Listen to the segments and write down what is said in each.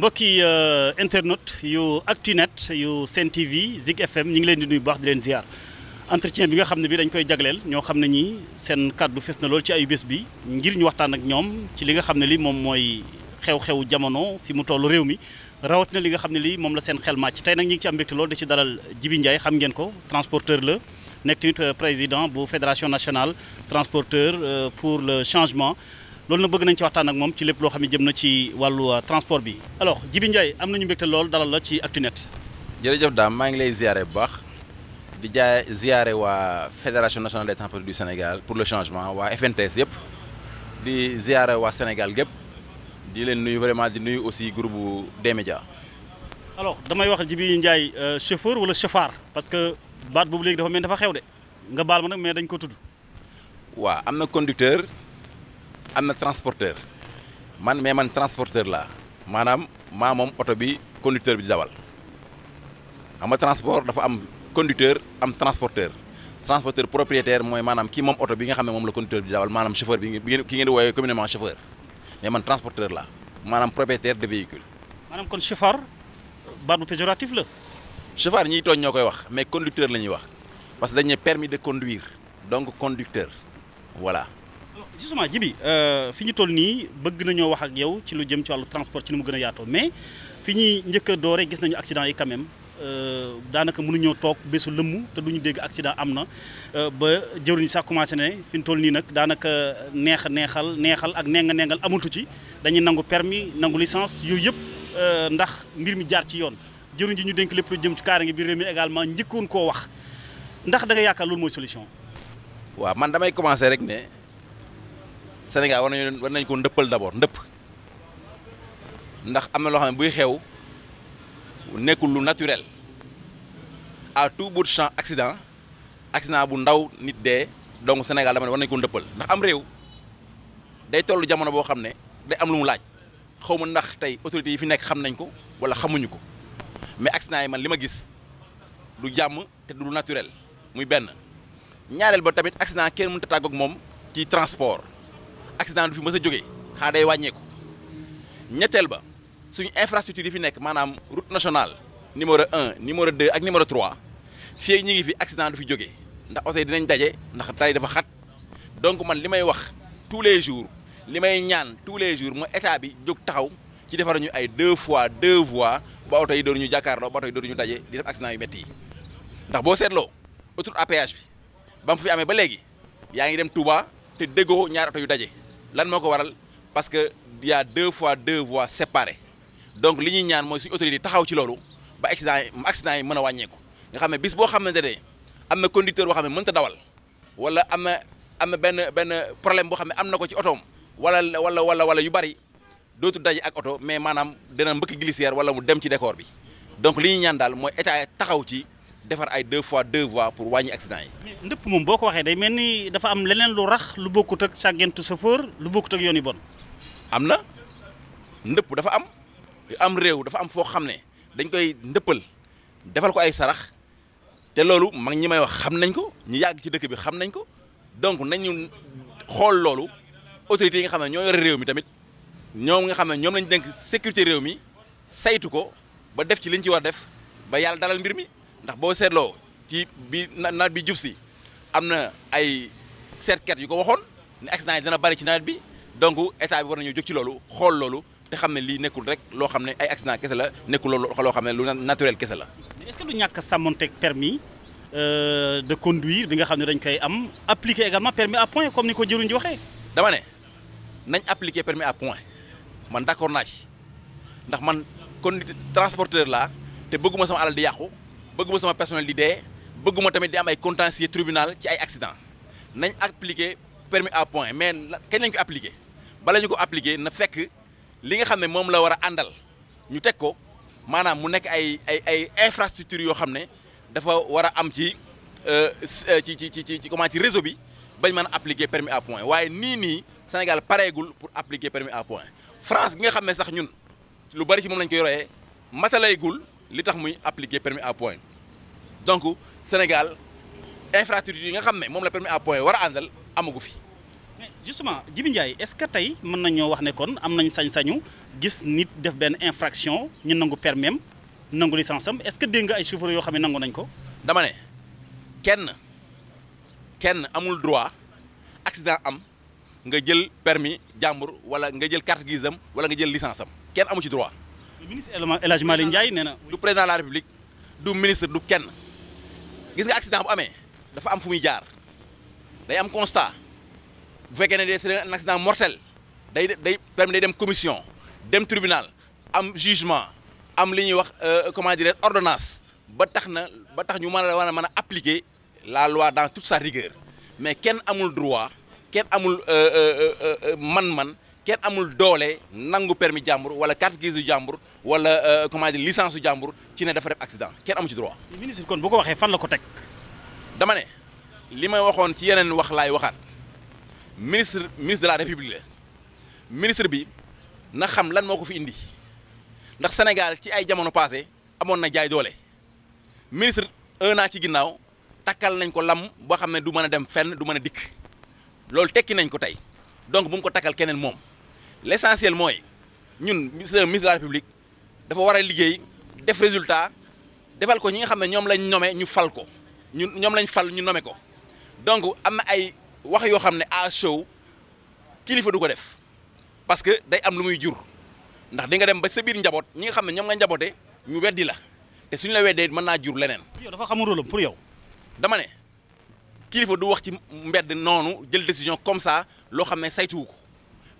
mbokki euh, internet yu Actunet yu Sen TV Zik FM ñu ngi leen di nuyu baax di leen ziar entretien bi nga xam ne bi dañ koy jagleel ñoo xam ne ñi seen kàddu fes na lool ci ay bés bi ngir ñu waxtaan ak ñoom ci li nga xam ne li moom mooy xew-xewu jamono fi mu toll réew mi na li nga xam ne lii moom la seen xel màcc tey nag ñu ngi ci am mbégte lool di ci dalal Djibi xam ngeen ko transporteur la nekk tamit euh, président bu fédération national transporteur euh, pour le changement loolu na bëgg nañ ci waxtaan ak moom ci lépp loo xam ne jëm na ci wàllu euh, transport bi alors Jibi Ndiaye am nañu mbégte lool dalal la ci Actunet jërëjëf daam maa ngi lay ziare bu baax di jaay ziare waa fédération nationale des transports du Sénégal pour le changement waa FNTS yëpp di ziare waa Sénégal gépp di leen nuyu vraiment di nuyu aussi groupe D-Média alors damay wax Jibi Ndiaye euh, chauffeur wala chauffard parce que baat boobu léegi dafa mel dafa xew de nga baal ma nag mais dañ ko tudd. am na conducteur. am na transporteur man mais man transporteur la maanaam maa moom oto bi conducteur bi di dawal xam nga transport dafa am conducteur am transporteur transporteur propriétaire mooy maanaam kii moom oto bi nga xam ne moom la conducteur bi di dawal maanaam chauffeur bi ki ngeen di woowee communément chauffeur mais man transporteur la maanaam propriétaire de véhicule. maanaam kon chauffeur baat bu péjoratif la. chauffeur ñiy tooñ ñoo koy wax mais conducteur la ñuy wax parce que dañ ne permis de conduire donc conducteur voilà. justement Djibi euh, fi ñu toll nii bëgg nañoo wax ak yow ci lu jëm ci wàllu transport ci nu mu gën a yaatoo mais fi ñu njëkk a doore gis nañu accident yi quand même euh, daanaka mënuñoo toog bésu lëmmu te du ñu dégg accident am na euh, ba jëwriñ sax commencé ne fi ñu toll nii nag daanaka neex neexal neexal ak nenga nengal amatu ci dañuy nangu permis nangu licence yooyu yëpp ndax mbir mi jaar ci yoon jëwriñ ji ñu dénk lépp lu jëm ci kaara ngi biir réew mi également njëkkoon koo wax ndax da yaakaar loolu mooy solution Sénégal war nañu war nañ ko ndëppal d'abord ndëpp ndax am na loo xam ne buy xew nekkul lu naturel à tout bout champ accident accident bu ndaw nit de donc Sénégal dama ne war nañ ko ndëppal ndax am réew day toll jamono boo xam ne day am lu mu laaj xaw ma ndax tey autorités yi fi nekk xam nañ ko wala xamuñu ko mais accident yi man li ma gis du jàmm te du naturel muy benn ñaareel ba tamit accident kenn mun a tàggoog moom ci transport. accident du fi ma sa jógee xanaa day wàññeeku ñetteel ba suñu infrastructure yi fi nekk maanaam route nationale numéro un numéro deux ak numéro trois fii ñi ngi fi accident du fi jóge ndax oto dinañ daje ndax tali dafa xat donc man li may wax tous les jours li may ñaan tous les jours mooy état bi jóg taxaw ci defar ñu ay deux fois deux voies ba oto yi dooruñu jàkkaarloo ba oto yi dooruñu daje di def accident yu métti yi ndax boo seetloo autoroute à bi ba mu fi amee ba léegi yaa ngi dem Touba te déggoo ñaari yu daje. lan moo ko waral parce que y a deux fois deux voies séparées donc li ñuy ñaan mooy si autorité taxaw ci loolu ba accident yi mën a wàññeeku nga xam ne bis boo xamante ne am na conducteur boo xam ne mënta dawal wala am na am na benn benn problème boo xam ne am na ko ci otoom wala wala wala wala yu bari dootu daje ak oto mais maanaam dina mbëkk glissière wala mu dem ci décor bi donc li ñuy ñaan daal mooy état taxaw ci. defar ay deux fois deux voies pour wàññi accident yi. ndëpp moom boo ko waxee day mel ni dafa am leneen lu rax lu bokkut ak sàggentu chauffeur lu bokkut ak yoon yu bon. am na ndëpp dafa am am réew dafa am foo xam ne dañ koy ndëppal defal ko ay sarax te loolu mag ñi may wax xam nañ ko ñu yàgg ci dëkk bi xam nañ ko donc nañu xool loolu autorités yi nga xam ne ñoo yore réew mi tamit ñoom nga xam ne ñoom lañ dénk sécurité réew mi saytu ko ba def ci liñ ci war def ba yàlla dalal mbir mi. ndax boo seetloo ci bi nawet bi jub si am na ay seetkat yu ko waxoon ne accident yi dana bari ci nawet bi donc état bi war ñoo jóg ci loolu xool loolu te xam ne lii nekkul rek loo xam ne ay accident kese la nekkul loolu loo xam ne lu naturel kese la. est-ce que du ñàkk a permis euh, de conduire bi nga xam ne dañ koy am appliquer également permis à point comme ni ko jëruñ ji waxee. dama ne nañ appliquer permis à point man d'accord naa ci ndax man kon transporteur laa te bëgguma sama alal di yàqu. bëgguma sama personnel di dee bëgguma tamit di am ay contentieux tribunal ci ay accident nañ appliqué permis à point mais kañ lañ ko appliqué bala ñu ko appliquer na fekk li nga xam ne moom la war a àndal ñu teg ko maanaam mu nekk ay ay ay infrastructure yoo xam ne dafa war a am ci euh, ci ci ci ci ci comment ci réseau bi bañ mën a appliquer permis à point waaye nii nii Sénégal pareegul pour appliquer permis à point France gi nga xam ne sax ñun lu bari ci moom lañ koy royee matalaygul li tax muy appliquer permis à point donc Sénégal infrastructure yi nga xam ne moom la permis à point war a àndal amagu fi. mais justement Djibi Ndiaye est-ce que tey mën nañoo wax ne kon am nañ sañ-sañu gis nit def benn infraction ñu nangu permis am nangu licence am est-ce que dégg nga ay chauffeurs yoo xam ne nangu nañ ko. dama ne kenn kenn amul droit accident am nga jël permis jàmbur wala nga jël carte grise am wala nga jël licence am kenn amu ci droit. le ministre El Hadj Malick Ndiaye nee na. du président la République du ministre kenn. gis nga accident bu amee dafa am fu muy jaar day am constat bu fekkee ne c'est un accident mortel day day permis day dem commission dem tribunal am jugement am li ñuy wax euh, comment dirais ordonnance ba tax na ba tax ñu mën a war a mën a appliquer la loi dans tout sa rigueur mais kenn amul droit kenn amul euh, euh, man-man kenn amul doole nangu permis jàmbur wala carte grise jàmbur wala euh, comment dire licence yu jàmbur ci ne dafa def accident kenn amu ci droit. ministre kon bu ko waxee fan na ko teg. dama ne li may waxoon ci yeneen wax laay waxaat ministre ministre de la république la ministre bi na xam lan moo ko fi indi ndax Sénégal ci ay jamono passé amoon na jaay doole ministre un an ci ginnaaw takkal nañ ko lam boo xam ne du mën a dem fenn du mën a dikk loolu tekki nañ ko tey donc bu ko takkal keneen moom l' essentiel mooy ñun ministre de la république dafa war a liggéey def résultat defal ko ñi nga xam ne ñoom lañ nome ñu fal ko ñu ñoom lañ fal ñu nome ko donc am na ay wax yoo xam ne à show kilifa du ko def parce que day am lu muy jur ndax di nga dem ba sa biir njaboot ñi nga xam ne ñoom nga njaboote ñu weddi la te suñu la weddee mën naa jur leneen. yow dafa xamul rôle pour yow. dama ne kilifa du wax ci mbedd noonu jël décision comme ça loo xam ne saytuwu ko.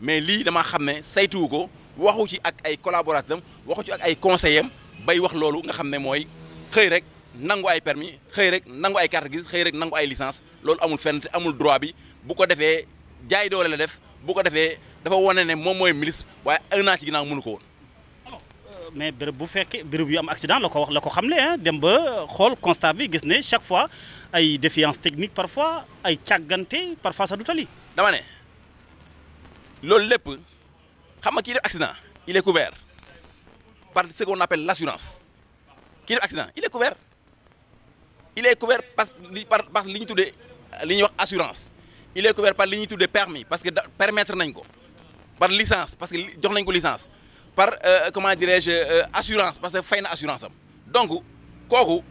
mais lii dama xam ne saytuwu ko waxu ci ak ay collaborateur waxu ci ak ay conseillers bay wax loolu nga xam ne mooy xëy rek nangu ay permis xëy rek nangu ay carte grise xëy rek nangu ay lisance loolu amul fenn te amul droit bi bu ko defee jaay doole la def bu ko defee dafa wane ne moom mooy ministre waaye un an ci ginnaaw ko woon. mais béréb bu fekkee béréb yu am accident la ko wax la ko xamle ah dem ba xool constat bi gis ne chaque fois ay défiance technique parfois ay càggante parfois sa du tali. dama ne. loolu lépp xam nga kii def accident il est couvert par ce qu'on appelle l'assurance kii def accident il est couvert il est couvert parce par parce li ñu tuddee li ñuy wax assurance il est couvert par li ñuy tuddee permis parce que permettre nañ ko par licence parce que jox nañ ko licence par euh, comment dirais-je euh, assurance parce que fay na assurance am donc kooku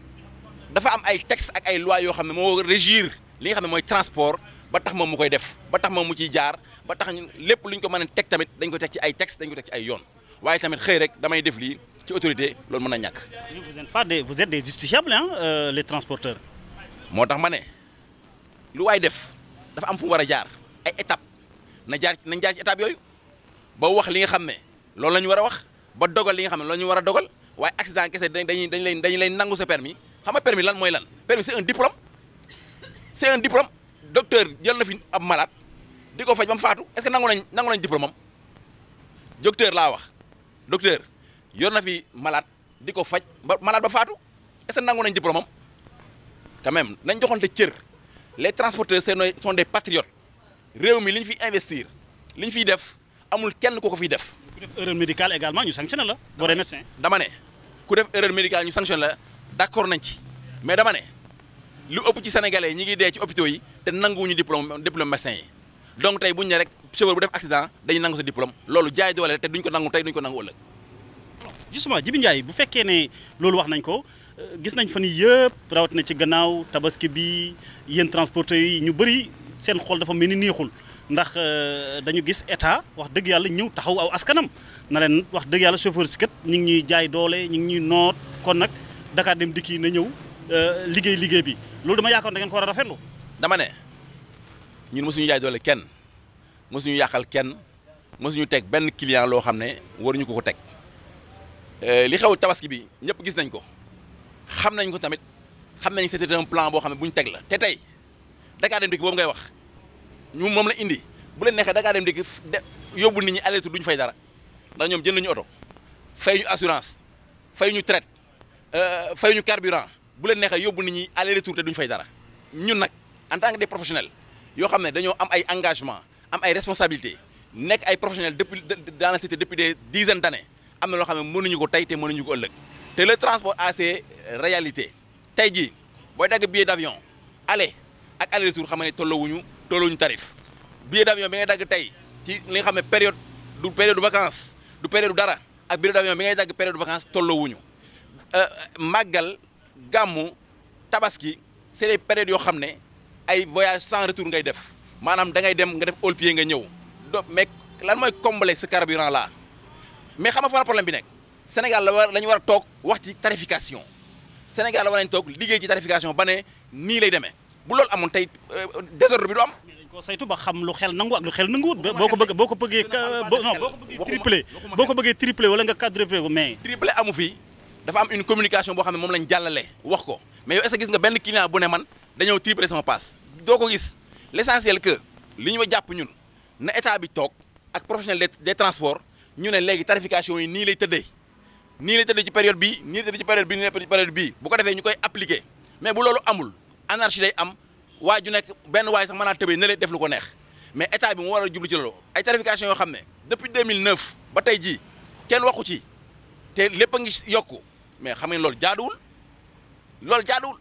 dafa am ay textes ak ay lois yoo xam ne moo régir li nga xam ne mooy transport ba tax moom mu koy def ba tax moom mu ciy jaar ba tax ñun lépp ñu ko mën a teg tamit dañ ko teg ci ay texte dañ ko teg ci ay yoon waaye tamit xëy rek damay def lii ci autorité loolu mën a ñàkk. vous êtes pas des vous êtes des justiciables hein euh, moo tax ma ne lu waay def dafa am fu war a jaar ay étape na jaar nañ jaar ci étape yooyu ba wax li nga xam ne loolu lañu war a wax ba dogal li nga xam ne loolu la ñu war a dogal waaye accident kese dañuy dañ lay dañu lay nangu sa permis xam nga permis lan mooy lan permis c'est un diplôme c'est un diplôme docteur jël na fi ab di ko faj ba mu faatu est-ce que nangu nañ nangu nañ diplôme am docteur laa wax docteur yor na fi malaat di ko faj ba malade ba faatu est-ce que nangu nañ diplôme am quand même nañ joxante cër les transporteurs sont des patriotes réew mi li ñu fiy investir li ñu fiy def amul kenn ku ko fi def. ku def erreur médicale ñu sanctionné la. boo dee médecin dama ne ku def erreur médicale ñu sanctionné la d'accord nañ ci mais dama ne lu ëpp ci sénégalais ñi ngi dee ci hôpitaux yi te nanguwuñu diplôme diplôme médecin yi. donc tey bu ñu ne rek chauffeur bu def accident dañu nangu sa diplôme loolu jaay doole te duñ ko nangu tey duñ ko nangu ëllëg. justement Djibi Ndiaye bu fekkee ne loolu wax nañ ko euh, gis nañ fa yii yëpp na ci gannaaw tabaski bi yéen transporteurs yi ñu bëri seen xool dafa mel ni neexul ndax euh, dañu gis état wax dëgg yàlla ñëw taxaw aw askanam na leen wax dëgg yàlla chauffeur si kat ñu ngi ñuy jaay doole ñu ngi ñuy noot kon nag Dakar dem dikki na ñëw euh, liggéey liggéey bi loolu dama yaakaar da ngeen ko a rafetlu ñun mosuñu jaay doole kenn mosuñu yàqal kenn mosuñu teg benn client loo xam ne waruñu ko ko teg euh, li xew tabaski bi ñëpp gis nañ ko xam nañ ko tamit xam nañ c'était un plan boo xam ne bu ñu teg la te tey Dakar Dem Dikk boobu ngay wax ñu moom la indi bu leen neexee Dakar Dem Dikk yóbbu nit ñi aletu duñ fay dara ndax ñoom jënd nañu oto fay ñu assurance fay ñu traite euh, fay ñu carburant bu leen neexee yóbbu nit ñi aller retour te duñ fay dara ñun nag en tant que des professionnels yoo xam ne dañoo am ay engagement am ay responsabilité nekk ay professionnels depuis dans la cité depuis des dizaines d'années am na loo xam ne mënuñu ko tey te mënuñu ko ëllëg te le transport à se réalité tey jii booy dagg billet d'avion aller ak aller retour xam ne tolloowuñu tolloowuñu tarif billet d'avion bi ngay dagg tey ci li nga xam ne période du période de vacances du période dara ak billet d'avion bi ngay dagg période de vacances tolloowuñu euh, euh, màggal gàmmu tabaski c'est des périodes yoo xam ne ay voyage sans retour ngay def maanaam dangay ngay dem nga def all pied nga ñëw do mais lan mooy combler ce carburant là mais xam nga fan problème bi nekk Sénégal la war la ñu war a toog wax ci tarification Sénégal la war nañ toog liggéey ci tarification ba ne nii lay demee bu lool amoon tey euh, désordre bi du am. ko boo ko bëggee boo ko bëggee boo ko bëggee triplé boo ko bëggee triplé ko mais. triplé amu fi dafa am une communication boo xam ne moom lañ jàllale wax ko mais yow nga benn client bu ne man dañoo triplé doo ko gis l' essentiel que li ñu ma jàpp ñun na état bi toog ak professionnel des transport ñu ne léegi tarification yi nii lay tëddee nii lay tëddee ci période bi nii lay tëddee ci période bii nii lay tëddee ci période bu ko defee ñu koy appliquer mais bu loolu amul anarchie day am waay ju nekk benn waay sax mën naa tëbee ne def lu ko neex mais état bi mu war a jublu ci loolu ay tarification yoo xam ne depuis 2009 ba tey jii kenn waxu ci te lépp a ngi yokku mais xam ngeen loolu jaaduwul loolu jaaduwul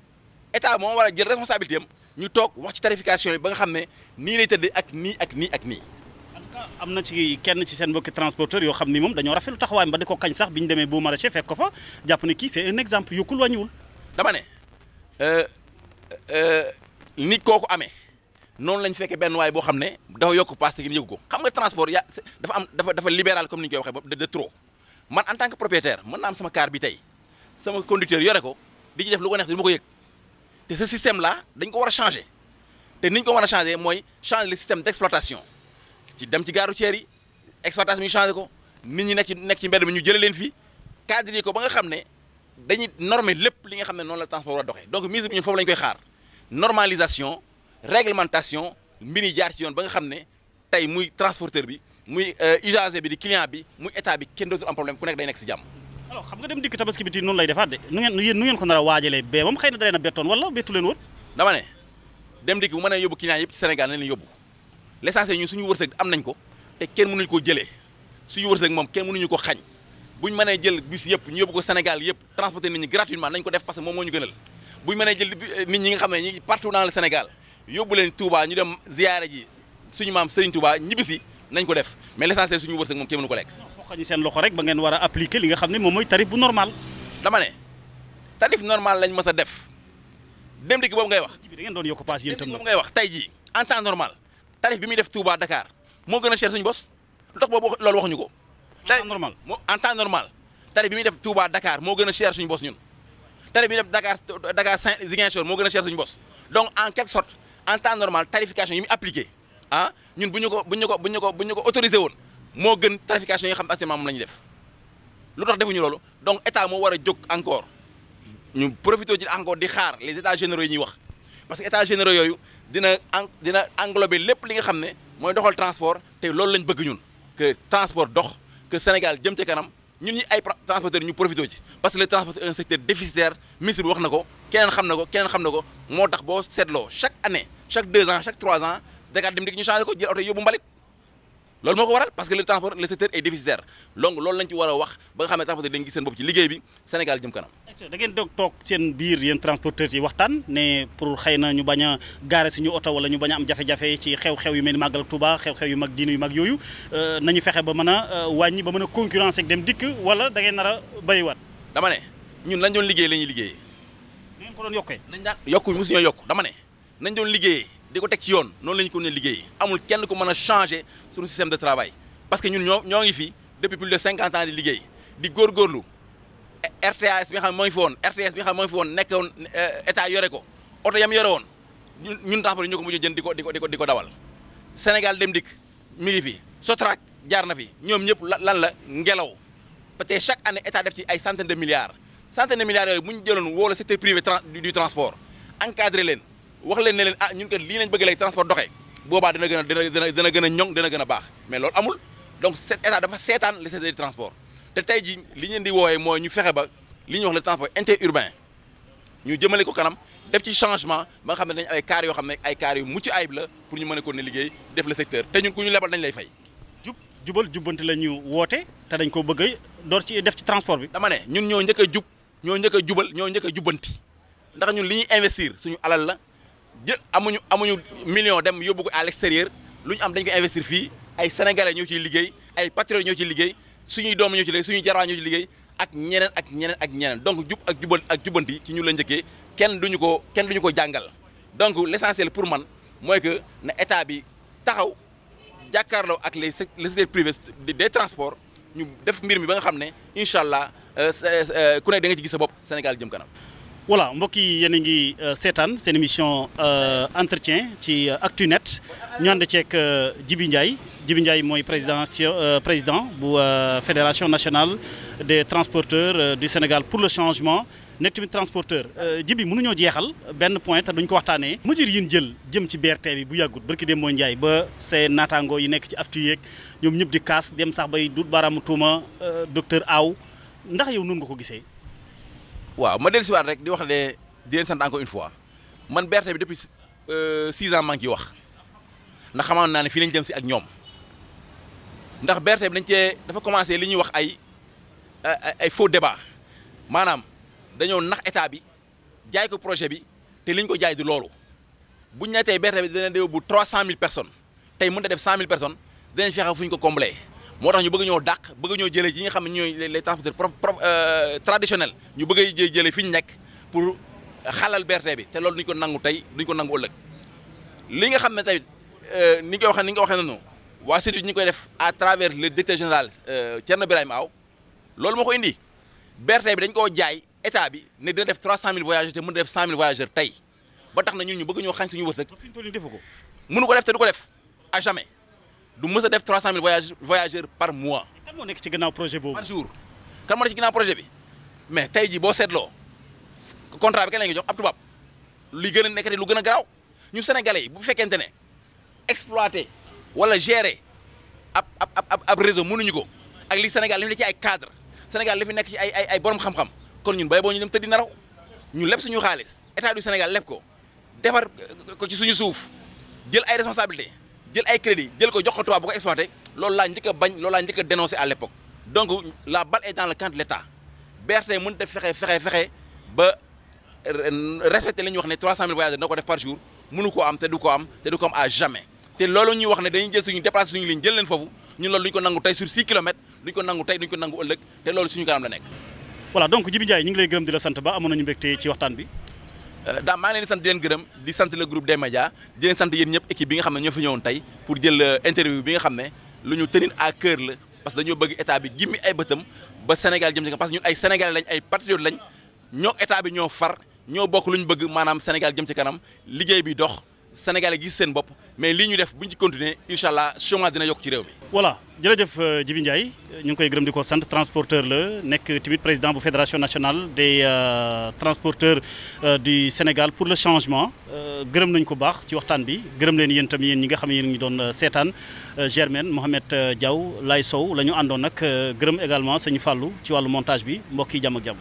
état moom war a jël responsabilité am ñu toog wax ci tarification yi ba nga xam ne nii lay tëddee ak nii ak nii ak nii. am na ci kenn ci seen mbokki transporteur yoo xam ni moom dañoo rafetlu taxawaayam ba di ko kañ sax bi ñu demee bu maraîcher fekk ko fa jàpp ne kii c'est un exemple yokkul wàññiwul. dama ne euh, euh, nit kooku amee noonu lañ fekkee benn waay boo xam ne dafa yokk paas te yëgu ko xam nga transport ya dafa am dafa dafa libéral comme ni ñu koy waxee de trop man en tant que propriétaire mën naa am sama car bi tey sama conducteur yore ko di ci lu ko neex du ko yëg. te ce système là dañ ko war a changer te ni ko war a changer mooy changer le système d' exploitation ci dem ci gaaru routière yi exploitation bi ñu ko nit ñi nekk ci nekk ci mbedd mi ñu jële leen fii cadrer ko ba nga xam ne dañuy norme lépp li nga xam ne noonu la transport war a donc mise bi ñun foofu la koy xaar normalisation réglementation mbir yi jaar ci yoon ba nga xam ne tey muy transporteur bi muy euh, usager bi di client bi muy état bi kenn dootul am problème ku nekk day nekk si jàmm. alors xam nga dem dikk tabaski bi ti noonu lay defaat de nu ngeen yéen nu ngeen ko nar a waajalee bee moom xëy na dalee na bettoon wala bettu leen woon dama ne dem dikk bu mën a yóbbu client yëpp ci Sénégal nañ leen yóbbu l'essentiel ñun suñu wërsëg am nañ ko te kenn mënuñu ko jëlee suñu wërsëg moom kenn mënuñu ko xañ buñ mënee jël bus yëpp ko Sénégal yëpp transporter nit ñi gratuitement nañ ko def parce que moom moo ñu gënal buñ mënee jël eh, nit ñi nga xam ne ñi partout dans le Sénégal yóbbu leen Touba ñu dem ziyaare ji suñu maam Serigne Touba ñibbisi nañ ko def mais l'essentiel suñu wërsëg moom kenn nu ko lekk xañi seen loxo rek ba ngeen war a appliquer li xam ne moom mooy tarif bu normal. dama ne tarif normal lañ mës a def dem dikk boobu ngay wax. da ngeen doon yokk paas yéen tam boobu ngay wax tey jii en temps normal tarif bi muy def Touba dakaar moo gën a cher suñu bos lu tax boobu loolu waxuñu ko. en temps normal en temps normal tarif bi muy def Touba Dakar moo gën a cher suñu bos ñun. tarif bi def Dakar Dakar Saint moo gën a cher suñu bos donc en quelque sorte en temps normal tarification yi muy appliqué ah ñun bu ñu ko bu ñu ko bu ñu ko bu ko autorisé woon. moo gën tarification yi xam actuellement moom la ñuy def lu tax defuñu loolu donc état moo war a jóg encore ñu profité ci encore di xaar les états généraux ñuy wax parce que états généraux yooyu dina en dina englober lépp li nga xam ne mooy doxal transport te loolu lañ bëgg ñun que transport dox que Sénégal jëm ci kanam ñun ñi ay transporteurs ñu profité ci parce que le transport c'est un secteur wax na ko keneen xam na ko keneen xam na ko moo tax boo seetloo chaque année chaque deux ans chaque trois ans Dakar dem dik ñu changé ko jël oto yóbbu mbalit loolu moo ko waral parce que le transport le secteur est déficitaire donc loolu lañ ci war a wax ba nga xam ne transporteur dañ seen bopp ci liggéey bi doog toog seen biir yéen transporteurs yi waxtaan ne pour xëy na ñu bañ a gaare suñu oto wala ñu bañ am jafe-jafe ci xew-xew yu mel ni màggal Touba xew-xew yu mag diine yu mag yooyu euh, nañu fexe ba mën a euh, wàññi ba mën a concurrence ak dem dikk wala da ngeen nar a béyiwaat. dama ne ñun lañ doon liggéey la ñuy liggéeyee. ni ngeen ko doon yokkee. nañ daan yokkuñ mosu ñoo yokk dama ne nañ doon liggéeyee di ko teg ci yoon noonu la ñu ko ne liggéey amul kenn ku mën a changer suñu système de travail parce que ñun ñoo ñoo ngi fi depuis plus de cinquante ans di liggéey di góorgóorlu RTS bi nga xam ne moo ngi fi woon RTS bi nga xam ne moo ngi fi woon nekkoon eh, état yore ko oto yam yore woon ñun transport yi ñoo ko mujj jënd di ko di ko di ko dawal Sénégal dem dikk mi ngi fi Sotrac jaar na fi ñoom ñëpp lan la ngelaw peut-être chaque année état def ci ay centaine de milliards centaine de milliards yooyu jëloon woo la secteur privé du transport leen wax leen ne leen ah ñun kat lii lañ bëgg léegi transport doxee boobaa dina gën a dina dina gën a ñoŋ dana gën a baax mais loolu amul donc cet état dafa seetaan le secteur du transport te tey ji li ñu di woowee mooy ñu fexe ba li ñu wax le transport interurbain ñu jëmale ko kanam def ci changement ba nga xam ne dañ ay car yoo xam ne ay car yu mucc ayib la pour ñu mën a ko ne liggéey def le secteur te ñun ku ñu lebal dañ lay fay. jub jubal jubanti la ñu woote te dañ ko bëgg door ci def ci transport bi. dama ñun ñoo njëkk a jub ñoo jubal ñoo njëkk a jubbanti ndax ñun li ñuy investir suñu alal la jë amuñu amuñu million dem yóbbu ko à lu ñu am dañ ko investir fii ay sénégalais ñoo ciy liggéey ay patriotes ñoo ciy liggéey suñuy doom ñoo ci liggéey suñuy jarwaa ñoo ci liggéey ak ñeneen ak ñeneen ak ñeneen donc jub ak jubal ak jubanti ci ñu la njëkkee kenn duñu ko kenn duñu ko jàngal donc l'essentiel pour man mooy que na état bi taxaw jàkkaarloo ak les secteurs privés de transport ñu def mbir mi ba nga xam ne incha allah euh, euh, ku nekk da nga ci gis sa bopp Sénégal jëm kanam. voilà mbokk yi yéen a ngi euh, seetaan seen émission euh, entretien ci euh, ActuNet ñu ànd ceeg Djibi Ndiaye Djibi Ndiaye mooy président président bu fédération nationale des transporteurs du Sénégal pour le changement nekk tamit transporteur Djibi mënuñoo jeexal benn point te duñ ko waxtaanee. mesures yi jël jëm ci BRT bi bu yàggut barki dem mooy Ndiaye ba seen naataangoo yi nekk ci aftu yeeg ñoom ñëpp di kaas dem sax bay dut baaraamu tuuma docteur Aw ndax yow nun nga ko gisee. waaw ma dellusiwaat rek di wax ne di leen sant encore une fois man berte bi depuis euh, six ans maa ngi ciy wax ndax xamoon naa ne fii lañ jëm si ak ñoom ndax berte bi dañ cee dafa commencé li ñuy wax ay ay faux débat maanaam dañoo nax état bi jaay ko projet bi te liñ ko jaay di loolu buñ ne tey berte bi dina dee bu trois cent mille personnes tey mën ta def cent mille personne dinañ fexe fu ko combler moo tax ñu bëgg ñoo dàq bëgg ñoo jëlee ci ñi xam ne ñooy les transporteurs euh, traditionnels ñu bëgg jë jëlee fi ñu nekk pour xalal berte bi te loolu duñ ko nangu tey duñ ko nangu ëllëg li nga xam ne tey euh, ni nga koy waxee ni nga ko waxee noonu waa service ñu koy def à travers le directeur général euh, Thierno Birahim Aw loolu moo ko indi BRT bi dañ koo jaay état bi ne dina def 300000 voyageurs te mën na def 100000 voyageurs tey ba tax na ñun ñu bëgg ñoo xañ suñu wërsëg. mënu ko def te du ko def à jamais. du mës a def trois cent mille voyage par mois. kan moo nekk ci gannaaw projet boobu. par jour kan moo nekk ci gannaaw projet bi mais tey jii boo seetloo contrat bi kañ la ñu jox ab tubaab li gën a nekkati lu gën a garaaw ñu sénégalais yi bu fekkente ne exploité wala gere ab ab ab ab réseau mënuñu ko ak li Sénégal li fi nekk ci ay cadre Sénégal li fi nekk ci ay ay ay borom xam-xam kon ñun bay boo ñu dem tëddi naraw ñu leb suñu xaalis état du Sénégal leb ko defar ko ci suñu suuf jël ay responsabilité jël ay crédit jël ko jox ko tubaab bu ko loolu laa njëkk a bañ loolu laa njëkk a dénoncé à l'époque donc la balle est dans le camp de l'État BRT mën def fexe fexe fexe ba respecté li ñuy wax ne 300000 voyageurs dina ko def par jour mënu te du ko am te du ko am à jamais te loolu ñuy wax ne dañuy jël suñu déplacé suñu ligne jël leen foofu ñun loolu duñ ko nangu tey sur 6 kilomètres duñ ko nangu ëllëg te loolu suñu kanam la nekk. voilà donc Djibi Ndiaye ñu sant ba amoon nañu ci waxtaan bi. Euh, daa maa ngi leen di sant di gërëm di sant le groupe des médias di sant yéen ñëpp équipe bi nga xam ne ñoo fi ñëwoon tey pour jël euh, interview bi nga xam ne lu ñu tenir à cœur la parce que dañoo bëgg état bi gimmi ay bëtam ba Sénégal jëm ci kanam parce que ñun ay sénégalais lañ ay patriotes lañ ñoo état bi ñoo far ñoo bokk lu ñu bëgg maanaam Sénégal jëm ci kanam liggéey bi dox sénégalais gis seen bopp mais lii ñu def bu ñu ci continuer incha allah chômage dina yokk ci réew mi. voilà jërëjëf euh, Djibi Ndiaye ñu ngi koy gërëm di ko sant transporteur la nekk tamit président bu fédération nationale des euh, transporteurs euh, du Sénégal pour le changement gërëm nañu ko baax ci waxtaan bi gërëm leen yéen tam yéen ñi nga xam ne yéen ngi doon seetaan Germaine Mohamed jaw Lay Sow la ñu àndoon nag gërëm également sëñ fàllu ci wàllu montage bi mbokk yi jàmm ak